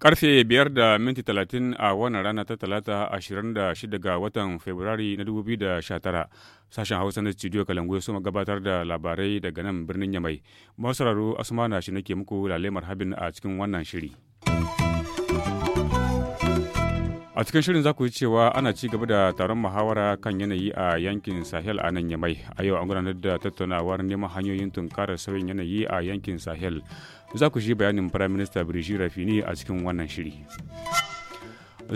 Karfe biyar da minti talatin a wannan rana ta talata ashirin da shida ga watan Fabrairu na dubu biyu da sha tara. Sashen Hausa na studio Kalangu ya soma gabatar da labarai daga nan birnin Yamai. Masu sauraro na shi nake muku lalemar habin a cikin wannan shiri. A cikin shirin za ku yi cewa ana ci gaba da taron muhawara kan yanayi a yankin Sahel a nan Yamai. A yau an gudanar da tattaunawar neman hanyoyin tunkarar sauyin yanayi a yankin Sahel. Za ku shi bayanin prime Minista Birji Rafini a cikin wannan shiri.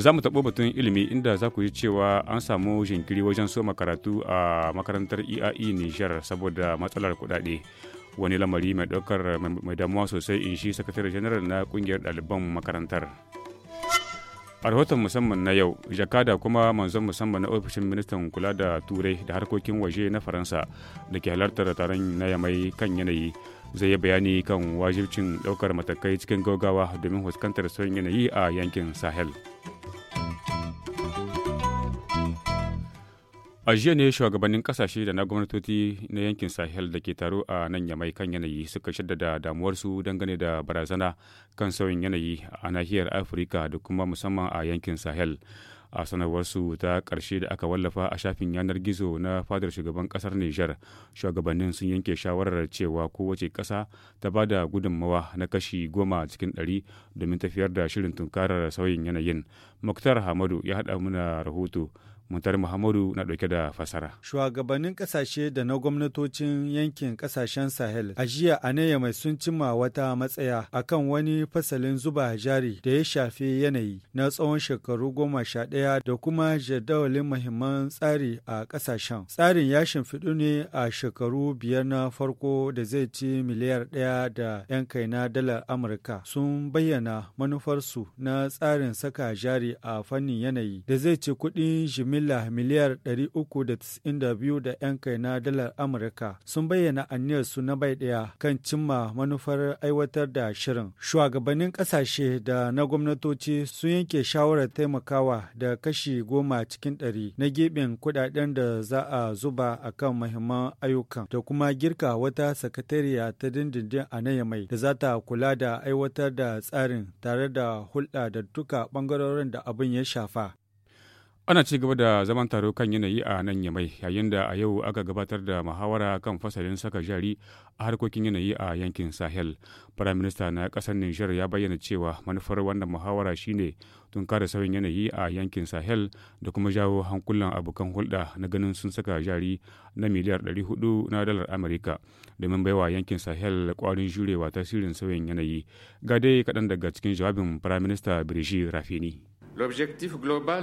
Za mu taɓo batun ilimi inda za ku yi cewa an samu jinkiri wajen so makaratu a makarantar iai e e Nijar saboda matsalar kuɗaɗe. Wani lamari mai ɗaukar mai damuwa sosai in shi sakatare janar na ƙungiyar ɗaliban makarantar. a rahoton musamman na yau jakada kuma manzon musamman na ofishin ministan kula da turai da harkokin waje na faransa da ke halartar taron na yamai kan yanayi zai yi bayani kan wajibcin daukar matakai cikin gaugawa domin fuskantar sauyin yanayi a yankin sahel a jiya ne shugabannin kasashe da na gwamnatoci na yankin sahel da ke taro a nan yamai kan yanayi suka shaddada damuwarsu dangane da barazana kan sauyin yanayi a nahiyar afirka da kuma musamman a yankin sahel a sanarwarsu ta karshe da aka wallafa a shafin yanar gizo na fadar shugaban kasar niger shugabannin sun yanke shawarar cewa kowace kasa ta ba da gudunmawa na kashi goma cikin ɗari domin tafiyar da shirin tunkarar sauyin yanayin muktar hamadu ya haɗa mana rahoto Muntar Muhammadu na ɗauke da fasara. Shugabannin ƙasashe da na gwamnatocin yankin ƙasashen Sahel a jiya a mai sun cimma wata matsaya akan wani fasalin zuba jari da ya shafi yanayi na tsawon shekaru goma sha ɗaya da kuma jadawalin mahimman tsari a ƙasashen. Tsarin ya shimfiɗu ne a shekaru biyar na farko da zai ci miliyar ɗaya da 'yan kai na dalar Amurka sun bayyana manufarsu na tsarin saka jari a fannin yanayi da zai ci kuɗin jimil jimilla miliyar 392 da 'yan kai na dalar Amurka sun bayyana su na bai ɗaya kan cimma manufar aiwatar da shirin. Shugabannin ƙasashe da na gwamnatoci sun yanke shawarar taimakawa da kashi goma cikin ɗari na gibin kuɗaɗen da za a zuba a kan mahimman ayyukan da kuma girka wata sakatariya ta dindindin a na mai da za ta kula da aiwatar da tsarin tare da hulɗa da duka ɓangarorin da abin ya shafa. ana ci gaba da zaman taro kan yanayi a nan yamai yayin da a yau aka gabatar da muhawara kan fasalin saka jari a harkokin yanayi a yankin sahel firaminista na kasar niger ya bayyana cewa manufar wannan muhawara shine tunkara sauyin yanayi a yankin sahel da kuma jawo hankulan abokan hulɗa na ganin sun saka jari na miliyar 400 na dalar amurka domin baiwa yankin sahel kwarin jurewa tasirin sauyin yanayi ga dai kaɗan daga cikin jawabin firaminista brigitte rafini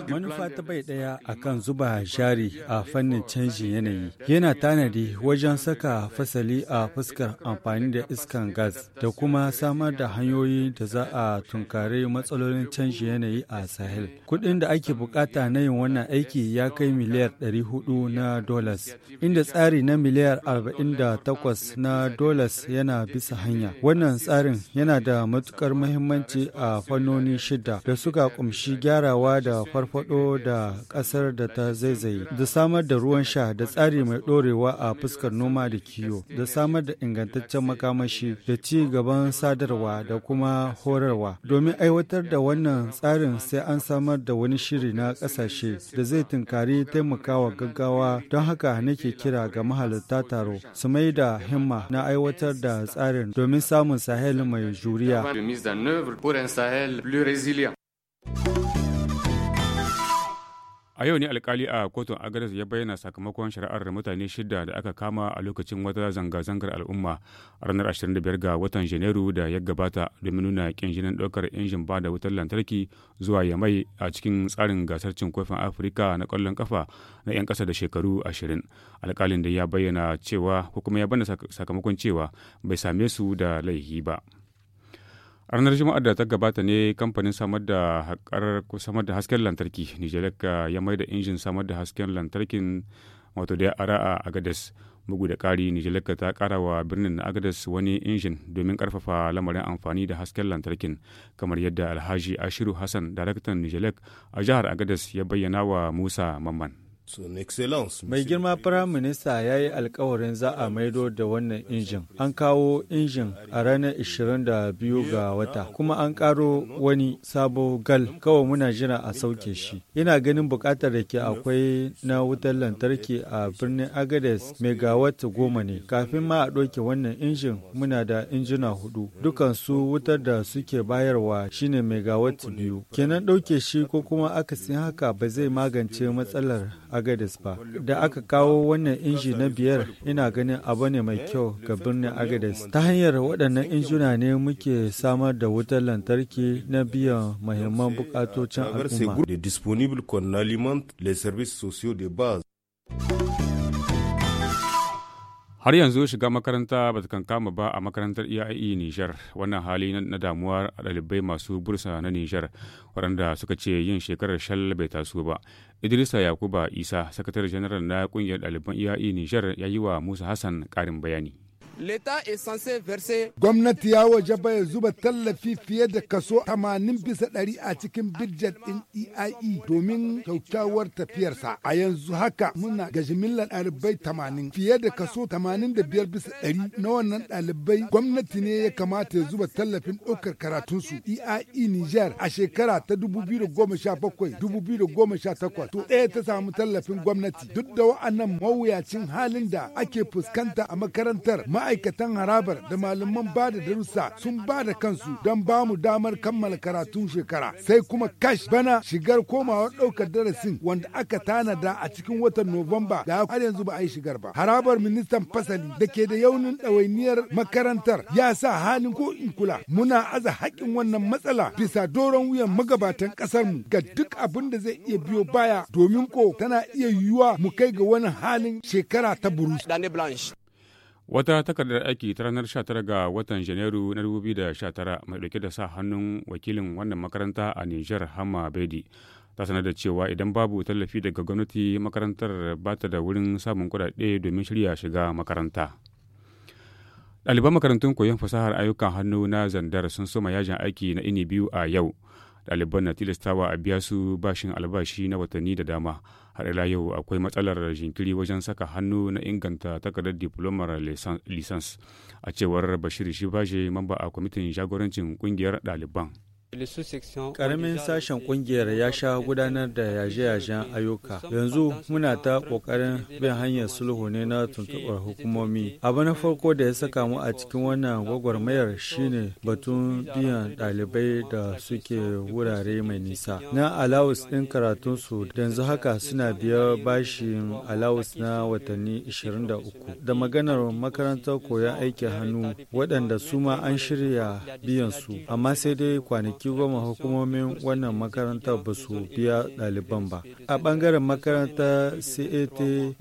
Manufa ta bai ɗaya a kan zuba jari a fannin canjin yanayi yana tanadi wajen saka fasali a fuskar amfani da iskan gas da kuma samar da hanyoyi da za a tunkare matsalolin canjin yanayi a Sahel. Kuɗin da ake bukata na yin wannan aiki ya kai miliyar 400 na dolas, inda tsari na miliyar 48 na dolas yana bisa hanya. Wannan tsarin yana da matukar muhimmanci a fannoni shida da suka ƙumshi gyarawa da farfado da ƙasar da ta zaizaye da samar da ruwan sha da tsari mai ɗorewa a fuskar noma da kiwo da samar da ingantaccen makamashi da ci gaban sadarwa da kuma horarwa domin aiwatar da wannan tsarin sai an samar da wani shiri na ƙasashe da zai tunkari taimakawa gaggawa don haka nake kira ga mahalarta taro su mai da himma na aiwatar da tsarin domin samun sahel mai juriya. A yau ne alkali a kotun Agadas ya bayyana sakamakon shari'ar mutane shida da aka kama a lokacin wata zanga-zangar al'umma a ranar 25 ga watan Janairu da ya gabata domin nuna kin jinin ɗaukar injin ba da wutar lantarki zuwa Yamai a cikin tsarin gasar cin kofin Afirka na kwallon kafa na 'yan kasa da shekaru 20. Alkalin da ya bayyana cewa ko kuma ya bana sakamakon cewa bai same su da laihi ba. ranar da ta gabata ne kamfanin samar da haƙar samar da hasken lantarki nijeleka ya mai da injin samar da hasken lantarkin wato da ara a agadas bugu da ƙari nijeleka ta ƙara wa birnin na agadas wani injin domin ƙarfafa lamarin amfani da hasken lantarkin kamar yadda alhaji ashiru hassan daraktan nijelek a jihar agadas ya bayyana wa musa mamman Mai girma Firaminista ya yi alkawarin za a maido da wannan injin. An kawo injin a ranar 22 ga wata, kuma an karo wani sabo gal kawai muna jira a sauke shi. Ina ganin bukatar da ke akwai na wutar lantarki a birnin Agades megawatt goma ne. Kafin ma a ɗauke wannan injin muna da injina hudu. su wutar da suke bayarwa shine megawatt biyu. Kenan ɗauke shi ko kuma akasin haka ba zai magance matsalar Agadez ba. Da aka kawo wannan inji na biyar ina ganin abu ne mai kyau ga birnin Agadez. Ta hanyar waɗannan injuna ne muke samar da wutar lantarki na biyan mahimman bukatocin al'umma. har yanzu shiga makaranta ba ta kankama ba a makarantar iyaye e nijar wannan hali na damuwa a ɗalibai masu bursa na nijar waɗanda suka ce yin shekarar shal bai taso ba idrisa yakuba isa sakatare janar na ƙungiyar ɗaliban iyaye e nijar ya yi wa musa hassan ƙarin bayani Gwamnati ya wajaba ya zuba tallafi fiye da kaso 80 bisa ɗari a cikin bidjet ɗin EIE e domin kyaukyawar tafiyarsa. A yanzu haka muna ga jimillar ɗalibai 80 fiye da kaso 85 bisa ɗari na wannan ɗalibai gwamnati ne ya kamata ya zuba tallafin ɗaukar karatunsu EIE e Niger a shekara ta 2017-2018 to ɗaya ta samu tallafin gwamnati duk da wa'annan mawuyacin halin da ake fuskanta a makarantar ma'a ma'aikatan harabar da malaman ba da darussa sun ba da kansu don ba mu damar kammala karatun shekara sai kuma kash bana shigar komawa ɗaukar darasin wanda aka tanada a cikin watan nuwamba da har yanzu ba a yi shigar ba harabar ministan fasali da ke da yaunin ɗawainiyar makarantar ya sa halin ko in kula muna aza haƙƙin wannan matsala bisa doron wuyan magabatan mu ga duk abin da zai iya biyo baya domin ko tana iya yiwuwa mu kai ga wani halin shekara ta burus. Wata takardar aiki ta ranar 19 ga watan Janairu na 2019 mai ɗauke da sa hannun wakilin wannan makaranta a Nijar Hama Bedi ta sanar da cewa idan babu tallafi daga gwamnati makarantar ba ta da wurin samun kuɗaɗe domin shirya shiga makaranta. Ɗaliban makarantun koyon fasahar ayyukan hannu na zandar sun soma yajin aiki na ini biyu a yau. ɗaliban na tilastawa a biya su bashin albashi na watanni da dama har ila yau akwai matsalar jinkiri wajen saka hannu na inganta takardar diplomar lisans a cewar bashir shi shibaje mamba a kwamitin jagorancin kungiyar ɗaliban. Karamin sashen kungiyar ya sha gudanar da yaje-yajen ayyuka. Yanzu muna ta ƙoƙarin bin hanyar sulhu ne na tuntuɓar hukumomi. Abu na farko da ya saka mu a cikin wannan gwagwarmayar shine batun biyan ɗalibai da suke wurare mai nisa. Na alawus ɗin karatunsu yanzu haka suna biya bashin alawus na watanni 23. Da maganar makarantar koyon aikin hannu waɗanda su ma an shirya biyan su, amma sai dai kwanaki ki goma hukumomin wannan makarantar ba su biya ɗaliban ba a ɓangaren makaranta cat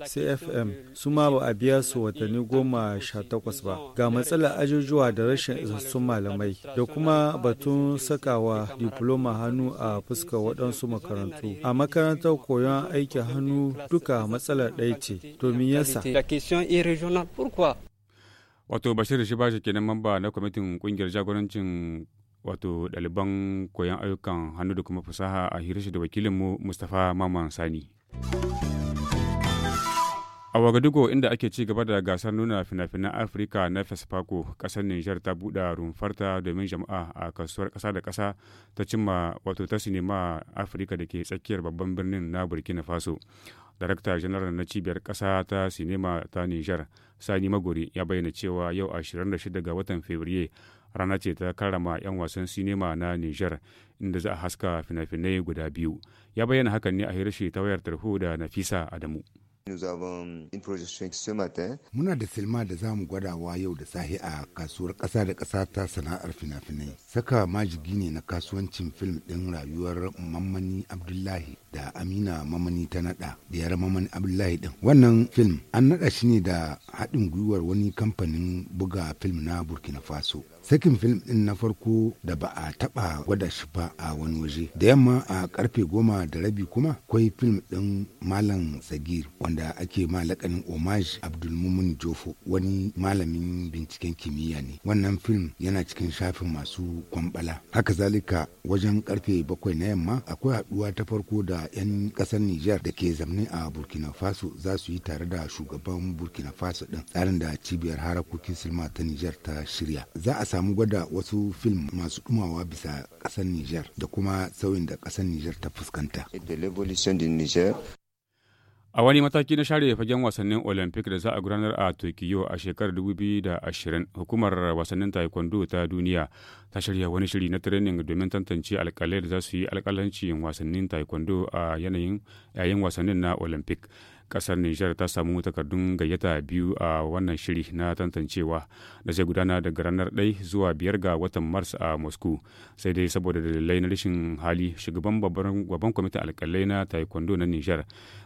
cfm su ma ba a biya su watanni goma sha takwas ba ga matsalar ajujuwa da rashin isassun malamai da kuma batun sakawa diploma hannu a fuskar waɗansu makarantu a makarantar koyon aikin hannu duka matsalar ɗaya ce domin yasa wato bashir shi ke kenan mamba na kwamitin kungiyar jagorancin wato ɗaliban koyon ayyukan hannu da kuma fasaha a hirar da wakilinmu mustapha maman sani a wagadugo inda ake ci gaba da gasar nuna fina-finan afirka na fasfako ƙasar Niger ta buɗe rumfarta domin jama'a a kasuwar ƙasa da ƙasa ta cimma wato ta sinima afirka da ke tsakiyar babban birnin na burkina faso darakta janar na cibiyar ƙasa ta sinima ta Niger, sani magori ya bayyana cewa yau 26 ga watan fabrairu rana ce ta karrama 'yan wasan sinima na Nijar inda za a haska fina-finai guda biyu. Ya bayyana hakan ne a hirshe ta wayar tarho da Nafisa Adamu. Muna da silma da za mu gwadawa yau da sahi a kasuwar ƙasa da kasa ta sana'ar fina-finai. Saka majigi ne na kasuwancin fim ɗin rayuwar mamani Abdullahi da Amina Mamani ta naɗa da Mamani Abdullahi ɗin. Wannan film an naɗa shi ne da haɗin gwiwar wani kamfanin buga film na Burkina Faso. sakin film din na farko da ba a taba gwada shi ba a wani waje da yamma a karfe goma da rabi kuma kwai film din malam sagir wanda ake ma lakanin homage abdulmumin jofo wani malamin binciken kimiyya ne wannan film yana cikin shafin masu kwambala haka zalika wajen karfe bakwai na yamma akwai haduwa ta farko da 'yan kasar niger da ke zamne a burkina faso za su yi tare da shugaban burkina faso din tsarin da cibiyar harakokin silma ta niger ta shirya za a samu gwada wasu fim masu dumawa bisa ƙasar Nijar da kuma sauyin da kasar Nijar ta fuskanta. A wani mataki na share fagen wasannin Olympic da za a gudanar a Tokyo a shekarar 2020, hukumar wasannin taekwondo ta duniya ta shirya wani shiri na training domin tantance alkalai da za su yi alkalancin wasannin taekwondo a yanayin yayin wasannin na Olympic. kasar Nijar ta samu takardun gayyata biyu a wannan shiri na tantancewa da zai gudana daga ranar 1 zuwa biyar ga watan Mars a Moscow. Sai dai saboda dalilai na rashin hali shugaban babban kwamitin alkalai na taekwondo na Nijar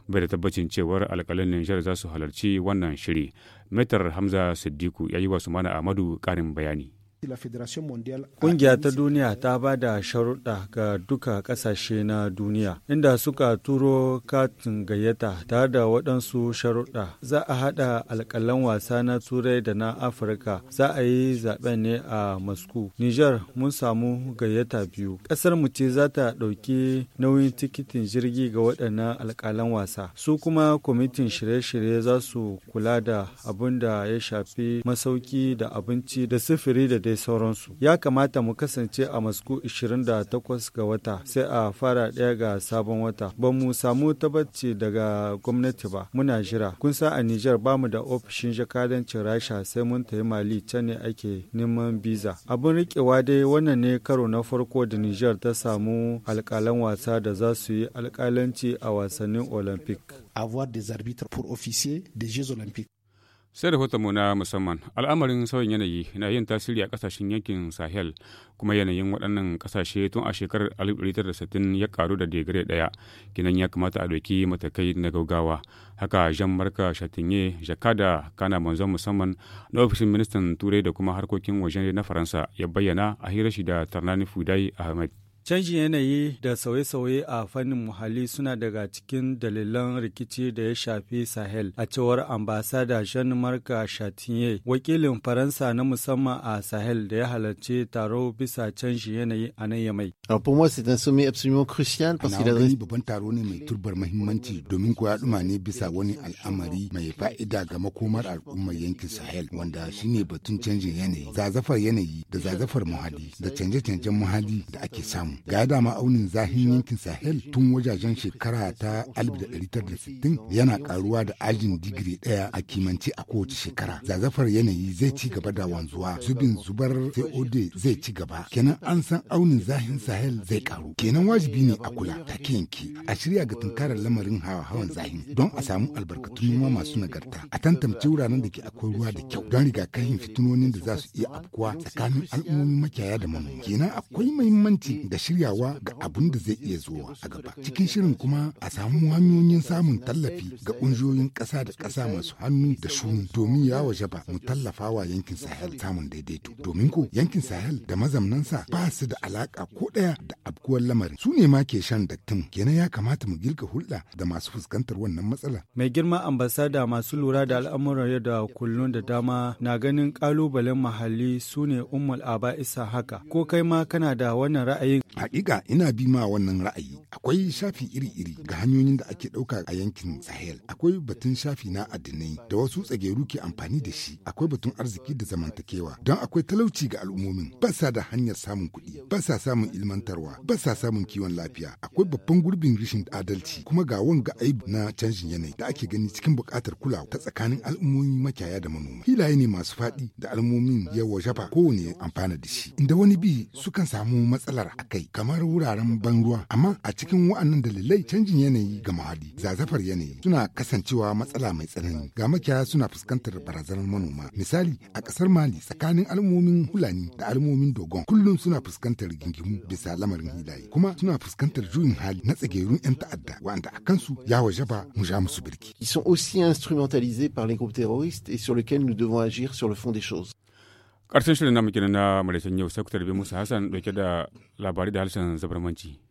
bai da tabbacin cewar alkalin Nijar za su halarci wannan shiri. Metar Hamza Siddiku ya yi wa Sumana Ahmadu ƙarin bayani. Ƙungiya ta duniya ta ba da sharuɗa ga duka ƙasashe na duniya, inda suka turo katin gayyata tada da waɗansu sharuɗa. Za a haɗa alƙalan wasa na Turai da na Afirka, za a yi zaɓen ne a Moscow. Nijar mun samu gayyata biyu. Ƙasar mu ce za ta ɗauki nauyin tikitin jirgi ga waɗannan alƙalan wasa. Su kuma kwamitin shirye-shirye za su kula da abin da ya shafi masauki da abinci da sufuri da dai dai sauransu. Ya kamata mu kasance a Masku 28 ga wata sai a fara ɗaya ga sabon wata. Ba mu samu tabbaci daga gwamnati ba. Muna jira. Kun sa a Nijar ba mu da ofishin jakadancin Rasha sai mun yi Mali can ne ake neman biza. abun riƙewa dai wannan ne karo na farko da Nijar ta samu alƙalan wasa da za su yi alƙalanci a wasannin Olympic. Avoir sai rahotonmu na musamman al'amarin sauyin yanayi na yin tasiri a kasashen yankin sahel kuma yanayin waɗannan kasashe tun a shekarar 1960 ya karu da digire ɗaya kinan ya kamata a ɗauki matakai na gaugawa haka jean marka shatinye jakada kana manzon musamman na ofishin ministan turai da kuma harkokin waje na faransa ya bayyana a hirashi da tarnani fudai ahmed Canjin yanayi da sauye-sauye a fannin muhalli suna daga cikin dalilan rikici da ya shafi Sahel, a cewar ambasada Jean-Marc wakilin Faransa na musamman a Sahel da ya halarci taro bisa canjin yanayi a nan Yamai. Ana wani babban taro ne mai turbar mahimmanci domin koya ɗuma ne bisa wani al'amari mai fa'ida ga makomar al'ummar yankin Sahel wanda shine batun canjin yanayi, zazafar yanayi da zazafar muhalli da canje-canjen muhalli da ake samu. yankin ga dama aunin zahin yankin sahel tun wajajen shekara ta 1960 yana karuwa da ajin digiri daya a kimanci a kowace shekara zazafar yanayi zai ci gaba da wanzuwa zubin zubar cod zai ci gaba kenan an san aunin zahin sahel zai karu kenan wajibi ne a kula take yanki a shirya ga tunkarar lamarin hawa-hawan zahin don a samu albarkatun noma masu nagarta a tantance wuraren da ke akwai ruwa da kyau don rigakafin fitinonin da za su iya afkuwa tsakanin al'ummomin makiyaya da manoma kenan akwai muhimmanci da shiryawa ga abin da zai iya zuwa a gaba. Cikin shirin kuma a samu hanyoyin samun tallafi ga ƙungiyoyin ƙasa da ƙasa masu hannu da shuni domin ya waje ba mu tallafa wa yankin Sahel samun daidaito. Domin ko yankin Sahel da mazamnansa ba su da alaƙa ko ɗaya da abkuwar lamarin. Su ne ma ke shan dattin. Kenan ya kamata mu girka hulɗa da masu fuskantar wannan matsala. Mai girma ambasada masu lura da al'amuran yau da kullum da dama na ganin ƙalubalen muhalli su ne Ummul Aba Isa haka. Ko kai ma kana da wannan ra'ayin Hakika ina bi ma wannan ra'ayi. Akwai shafi iri-iri ga hanyoyin da ake ɗauka a yankin Sahel. Akwai batun shafi na addinai da wasu tsageru ke amfani da shi. Akwai batun arziki da zamantakewa. Don akwai talauci ga al'ummomin. Ba sa da hanyar samun kuɗi. Ba sa samun ilmantarwa. Ba sa samun kiwon lafiya. Akwai babban gurbin rashin adalci. Kuma ga wanga aibu na canjin yanayi da ake gani cikin buƙatar kulawa ta tsakanin al'ummomi makiyaya da manoma. Hilaye ne masu faɗi da al'ummomin yawa shafa kowane amfana da shi. Inda wani bi sukan samu matsalar akai. kamar wuraren ban ruwa amma a cikin wa'annan dalilai canjin yanayi ga muhalli zazafar yanayi suna kasancewa matsala mai tsanani ga makiyaya suna fuskantar barazanar manoma misali a kasar mali tsakanin al'ummomin hulani da al'ummomin dogon kullum suna fuskantar gingimu bisa lamarin hilaye kuma suna fuskantar juyin hali na tsagerun 'yan ta'adda wanda a kansu ya waje ba mu ja musu birki. Ils sont aussi instrumentalisés par les groupes terroristes et sur lesquels nous devons agir sur le fond des choses. karshen shirin namu kenan na maraicen yau sai ku tarbi hassan dauke da labari da harshen zabarmanci